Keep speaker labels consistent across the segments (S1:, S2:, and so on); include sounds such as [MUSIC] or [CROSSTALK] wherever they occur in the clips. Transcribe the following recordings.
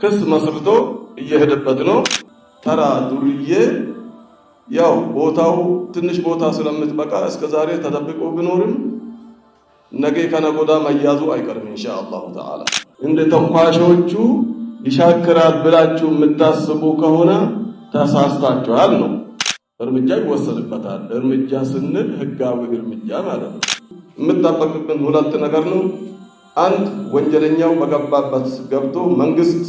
S1: ክስ መስርቶ እየሄደበት ነው። ተራ ዱርዬ ያው ቦታው ትንሽ ቦታ ስለምትበቃ እስከ ዛሬ ተደብቆ ቢኖርም ነገ ከነጎዳ መያዙ አይቀርም ኢንሻአላሁ ተዓላ። እንደ ተኳሾቹ ይሻክራል ብላችሁ የምታስቡ ከሆነ ተሳስታችኋል ነው። እርምጃ ይወሰድበታል። እርምጃ ስንል ህጋዊ እርምጃ ማለት ነው። የምጠበቅብን ሁለት ነገር ነው። አንድ ወንጀለኛው በገባበት ገብቶ መንግስት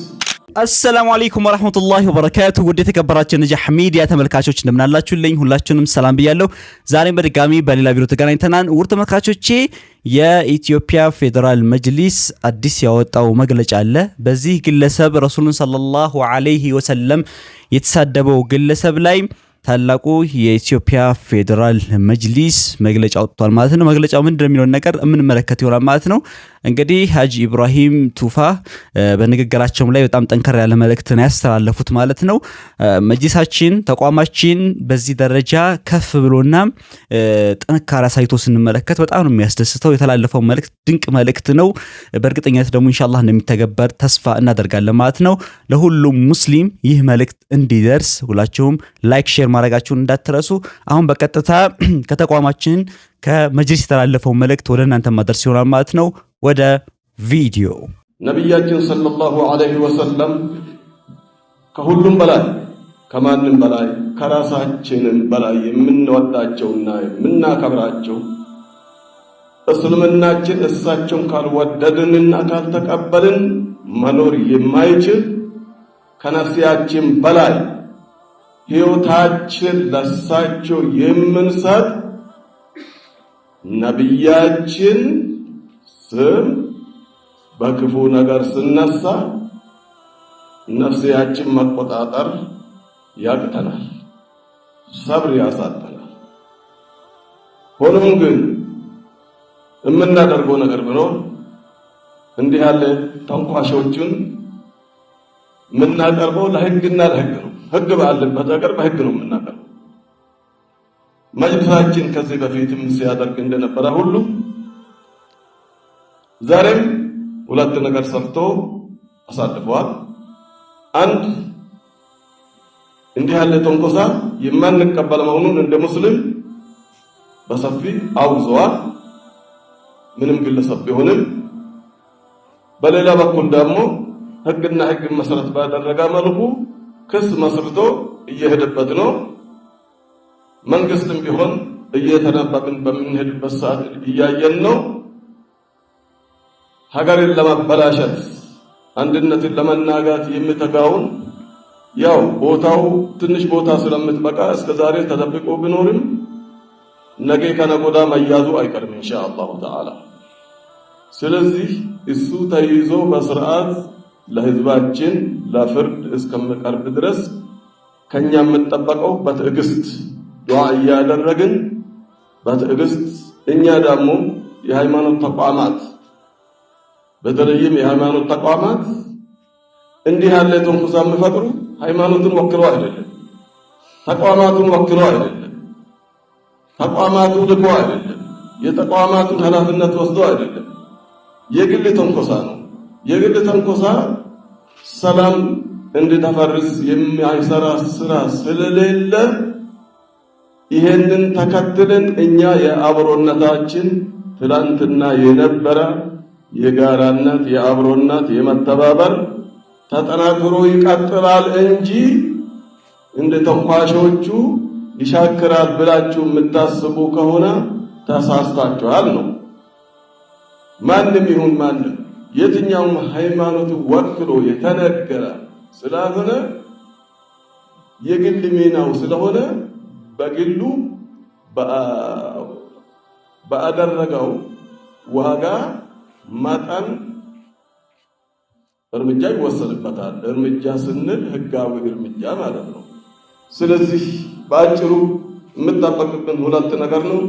S2: አሰላሙ አለይኩም ወራህመቱላሂ ወበረካቱ ውድ የተከበራችሁ ነጃህ ሚዲያ ተመልካቾች እንደምናላችሁልኝ ሁላችሁንም ሰላም ብያለሁ። ዛሬም በድጋሚ በሌላ ቢሮ ተገናኝተናል። ውድ ተመልካቾቼ የኢትዮጵያ ፌዴራል መጅሊስ አዲስ ያወጣው መግለጫ አለ። በዚህ ግለሰብ ረሱሉን ሰለላሁ አለይሂ ወሰለም የተሳደበው ግለሰብ ላይ ታላቁ የኢትዮጵያ ፌዴራል መጅሊስ መግለጫ አውጥቷል ማለት ነው። መግለጫው ምንድን ነው የሚለውን ነገር የምንመለከት ይሆናል ማለት ነው። እንግዲህ ሀጂ ኢብራሂም ቱፋ በንግግራቸውም ላይ በጣም ጠንከር ያለ መልእክትን ያስተላለፉት ማለት ነው። መጅሊሳችን ተቋማችን በዚህ ደረጃ ከፍ ብሎና ጥንካሬ አሳይቶ ስንመለከት በጣም ነው የሚያስደስተው። የተላለፈው መልእክት ድንቅ መልእክት ነው። በእርግጠኛነት ደግሞ ኢንሻላህ እንደሚተገበር ተስፋ እናደርጋለን ማለት ነው። ለሁሉም ሙስሊም ይህ መልእክት እንዲደርስ ሁላቸውም ላይክ ሼር ማድረጋችሁን እንዳትረሱ። አሁን በቀጥታ [CLEARS THROAT] ከተቋማችን ከመጅሊስ የተላለፈው መልእክት ወደ እናንተ ማድረስ ይሆናል ማለት ነው። ወደ ቪዲዮ
S1: ነቢያችን ሰለላሁ ዐለይሂ ወሰለም ከሁሉም በላይ ከማንም በላይ ከራሳችንም በላይ የምንወዳቸውና የምናከብራቸው እስልምናችን እሳቸውን ካልወደድንና ካልተቀበልን መኖር የማይችል ከነፍስያችን በላይ ሕይወታችን ለሳቸው የምንሰጥ ነቢያችን ስም በክፉ ነገር ስነሳ ነፍስያችን መቆጣጠር ያቅተናል፣ ሰብር ያሳጠናል። ሆኖም ግን የምናደርገው ነገር ቢኖር እንዲህ ያለ ተንኳሾቹን የምናቀርበው ለህግና ለህግ ነው። ህግ ባለበት ሀገር በህግ ነው የምናቀርበው። መጅልሳችን ከዚህ በፊትም ሲያደርግ እንደነበረ ሁሉ ዛሬም ሁለት ነገር ሰርቶ አሳልፈዋል። አንድ እንዲህ ያለ ተንኮሳ የማንቀበል መሆኑን እንደ ሙስሊም በሰፊ አውግዘዋል። ምንም ግለሰብ ቢሆንም በሌላ በኩል ደግሞ ህግና ህግ መሰረት ባደረገ መልኩ ክስ መስርቶ እየሄደበት ነው። መንግስትም ቢሆን እየተናበብን በምንሄድበት ሰዓት እያየን ነው። ሀገርን ለማበላሸት አንድነትን ለመናጋት የሚተጋውን ያው ቦታው ትንሽ ቦታ ስለምትበቃ እስከ ዛሬ ተጠብቆ ቢኖርም ነገ ከነጎዳ መያዙ አይቀርም ኢንሻአላሁ ተዓላ። ስለዚህ እሱ ተይዞ በስርዓት ለህዝባችን ለፍርድ እስከምቀርብ ድረስ ከኛ የምንጠበቀው በትዕግስት ዱዓ እያደረግን በትዕግስት እኛ ደግሞ የሃይማኖት ተቋማት በተለይም የሃይማኖት ተቋማት እንዲህ ያለ ትንኩሳ የሚፈጥሩ ሃይማኖትን ወክሎ አይደለም፣ ተቋማቱን ወክሎ አይደለም፣ ተቋማቱ ልኮ አይደለም፣ የተቋማቱን ኃላፊነት ወስዶ አይደለም፣ የግል ትንኩሳ ነው። የግል ተንኮሳ ሰላም እንድታፈርስ የሚያሰራ ስራ ስለሌለ ይሄንን ተከትለን እኛ የአብሮነታችን ትላንትና የነበረ የጋራነት የአብሮነት የመተባበር ተጠናክሮ ይቀጥላል እንጂ እንደ ተንኳሾቹ ይሻክራል ብላችሁ የምታስቡ ከሆነ ተሳስታችኋል ነው። ማንም ይሁን ማንም የትኛውም ሃይማኖት ወክሎ የተነገረ ስላልሆነ የግል ሚናው ስለሆነ በግሉ ባደረገው ዋጋ መጠን እርምጃ ይወሰድበታል። እርምጃ ስንል ህጋዊ እርምጃ ማለት ነው። ስለዚህ በአጭሩ የምጠበቅብን ሁለት ነገር ነው።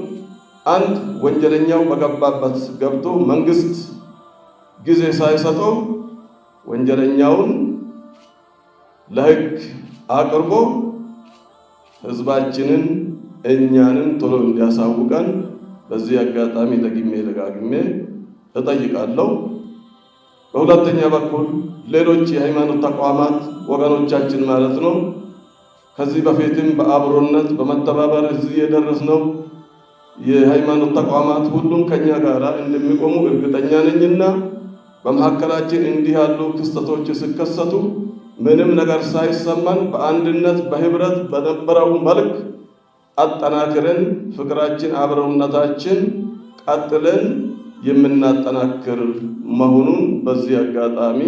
S1: አንድ ወንጀለኛው በገባበት ገብቶ መንግስት ጊዜ ሳይሰጠው ወንጀለኛውን ለህግ አቅርቦ ህዝባችንን እኛንን ቶሎ እንዲያሳውቀን በዚህ አጋጣሚ ደግሜ ደጋግሜ እጠይቃለሁ። በሁለተኛ በኩል ሌሎች የሃይማኖት ተቋማት ወገኖቻችን ማለት ነው ከዚህ በፊትም በአብሮነት በመተባበር እዚህ የደረስነው የሃይማኖት ተቋማት ሁሉም ከኛ ጋር እንደሚቆሙ እርግጠኛ ነኝና በመካከላችን እንዲህ ያሉ ክስተቶች ሲከሰቱ ምንም ነገር ሳይሰማን በአንድነት በህብረት በነበረው መልክ አጠናክረን ፍቅራችን፣ አብረውነታችን ቀጥለን የምናጠናክር መሆኑን በዚህ አጋጣሚ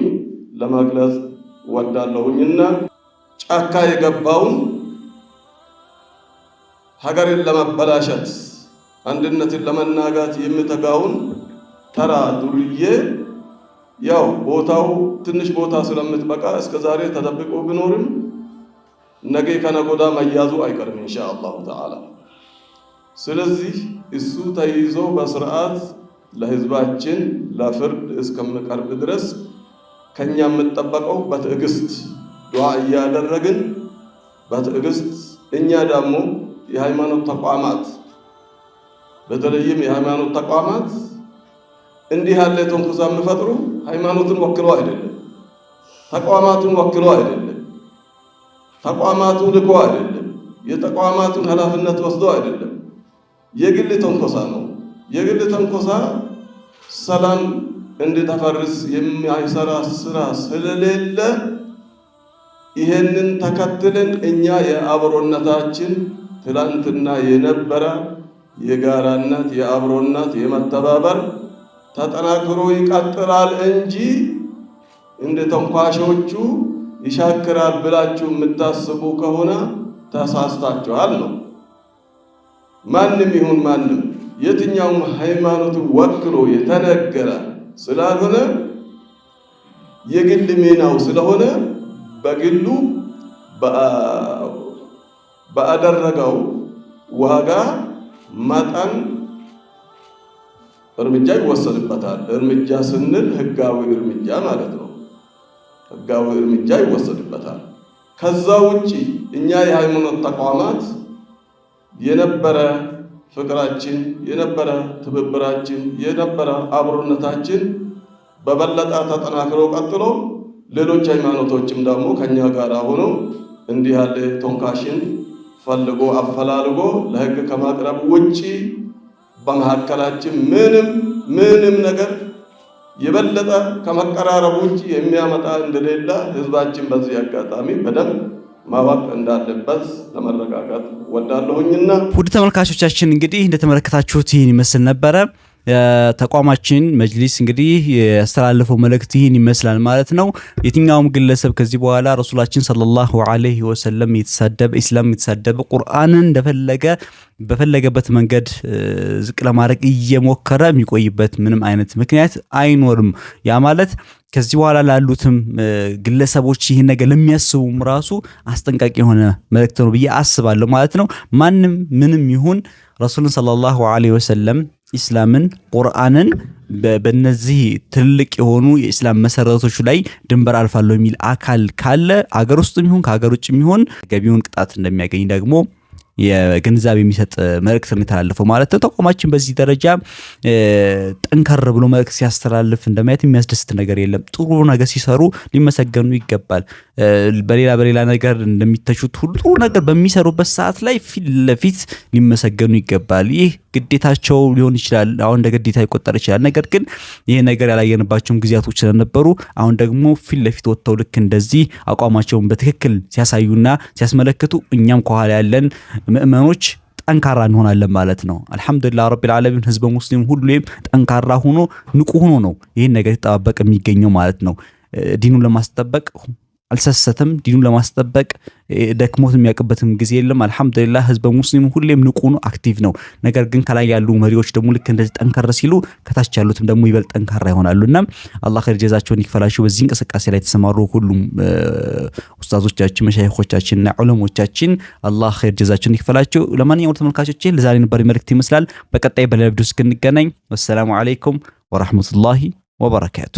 S1: ለመግለጽ ወዳለሁኝና ጫካ የገባውን ሀገርን ለመበላሸት አንድነትን ለመናጋት የሚተጋውን ተራ ዱርዬ ያው ቦታው ትንሽ ቦታ ስለምትበቃ እስከ ዛሬ ተደብቆ ቢኖርም ነገ ከነጎዳ መያዙ አይቀርም ኢንሻአላሁ ተዓላ። ስለዚህ እሱ ተይዞ በስርዓት ለህዝባችን ለፍርድ እስከምቀርብ ድረስ ከኛ የምጠበቀው በትዕግስት ዱዓ እያደረግን በትዕግስት እኛ ደግሞ የሃይማኖት ተቋማት በተለይም የሃይማኖት ተቋማት እንዲህ ያለ ተንኮሳ የሚፈጥሩ ሃይማኖትን ወክሎ አይደለም፣ ተቋማቱን ወክሎ አይደለም፣ ተቋማቱ ልኮ አይደለም፣ የተቋማቱን ኃላፊነት ወስዶ አይደለም። የግል ተንኮሳ ነው። የግል ተንኮሳ ሰላም እንድተፈርስ የሚያይሰራ ስራ ስለሌለ ይሄንን ተከትለን እኛ የአብሮነታችን ትላንትና የነበረ የጋራነት፣ የአብሮነት፣ የመተባበር ተጠናክሮ ይቀጥላል እንጂ እንደ ተንኳሾቹ ይሻክራል ብላችሁ የምታስቡ ከሆነ ተሳስታችኋል ነው። ማንም ይሁን ማንም የትኛውም ሃይማኖት ወክሎ የተነገረ ስላልሆነ የግል ሚናው ስለሆነ በግሉ ባደረገው ዋጋ መጠን እርምጃ ይወሰድበታል። እርምጃ ስንል ህጋዊ እርምጃ ማለት ነው። ህጋዊ እርምጃ ይወሰድበታል። ከዛ ውጪ እኛ የሃይማኖት ተቋማት የነበረ ፍቅራችን የነበረ ትብብራችን የነበረ አብሮነታችን በበለጠ ተጠናክሮ ቀጥሎ ሌሎች ሃይማኖቶችም ደግሞ ከኛ ጋር ሆኖ እንዲህ ያለ ቶንካሽን ፈልጎ አፈላልጎ ለህግ ከማቅረብ ውጪ በመካከላችን ምንም ምንም ነገር የበለጠ ከመቀራረብ ውጭ የሚያመጣ እንደሌለ ህዝባችን በዚህ አጋጣሚ በደንብ ማወቅ እንዳለበት ለመረጋጋት ወዳለሁኝና
S2: ውድ ተመልካቾቻችን እንግዲህ እንደተመለከታችሁት ይህን ይመስል ነበረ። ተቋማችን መጅሊስ እንግዲህ ያስተላለፈው መልእክት ይህን ይመስላል ማለት ነው። የትኛውም ግለሰብ ከዚህ በኋላ ረሱላችን ሰለላሁ ዐለይሂ ወሰለም የተሳደበ ኢስላም የተሳደበ ቁርአንን እንደፈለገ በፈለገበት መንገድ ዝቅ ለማድረግ እየሞከረ የሚቆይበት ምንም አይነት ምክንያት አይኖርም። ያ ማለት ከዚህ በኋላ ላሉትም ግለሰቦች ይህን ነገር ለሚያስቡም ራሱ አስጠንቃቂ የሆነ መልእክት ነው ብዬ አስባለሁ ማለት ነው። ማንም ምንም ይሁን ረሱልን ሰለላሁ ዐለይሂ ወሰለም ኢስላምን፣ ቁርአንን በነዚህ ትልቅ የሆኑ የኢስላም መሰረቶች ላይ ድንበር አልፋለሁ የሚል አካል ካለ አገር ውስጥ የሚሆን ከሀገር ውጭ የሚሆን ገቢውን ቅጣት እንደሚያገኝ ደግሞ የግንዛቤ የሚሰጥ መልእክት የሚተላለፈው ማለት ነው። ተቋማችን በዚህ ደረጃ ጠንከር ብሎ መልእክት ሲያስተላልፍ እንደማየት የሚያስደስት ነገር የለም። ጥሩ ነገር ሲሰሩ ሊመሰገኑ ይገባል። በሌላ በሌላ ነገር እንደሚተቹት ሁሉ ጥሩ ነገር በሚሰሩበት ሰዓት ላይ ፊት ለፊት ሊመሰገኑ ይገባል። ይህ ግዴታቸው ሊሆን ይችላል። አሁን እንደ ግዴታ ይቆጠር ይችላል። ነገር ግን ይህ ነገር ያላየንባቸውም ጊዜያቶች ስለነበሩ አሁን ደግሞ ፊት ለፊት ወጥተው ልክ እንደዚህ አቋማቸውን በትክክል ሲያሳዩና ሲያስመለክቱ እኛም ከኋላ ያለን ምእመኖች ጠንካራ እንሆናለን ማለት ነው። አልሐምዱላ ረቢል ዓለሚን ህዝበ ሙስሊም ሁሌም ጠንካራ ሆኖ ንቁ ሆኖ ነው ይህን ነገር ሲጠባበቅ የሚገኘው ማለት ነው። ዲኑን ለማስጠበቅ አልሰሰተም። ዲኑን ለማስጠበቅ ደክሞት የሚያውቅበትም ጊዜ የለም። አልሐምዱሊላህ ህዝበ ሙስሊሙ ሁሌም ንቁ አክቲቭ ነው። ነገር ግን ከላይ ያሉ መሪዎች ደግሞ ልክ እንደዚህ ጠንከር ሲሉ ከታች ያሉትም ደግሞ ይበልጥ ጠንካራ ይሆናሉ እና አላህ ኸይር ጀዛቸውን ይክፈላቸው። በዚህ እንቅስቃሴ ላይ የተሰማሩ ሁሉም ኡስታዞቻችን፣ መሻይኾቻችንና ዑለሞቻችን አላህ ኸይር ጀዛቸውን ይክፈላቸው። ለማንኛውም ተመልካቾቼ ለዛሬ ነበር መልእክት ይመስላል። በቀጣይ በሌላ ቪዲዮ እስክንገናኝ ወሰላሙ አለይኩም ወራህመቱላሂ ወበረካቱ።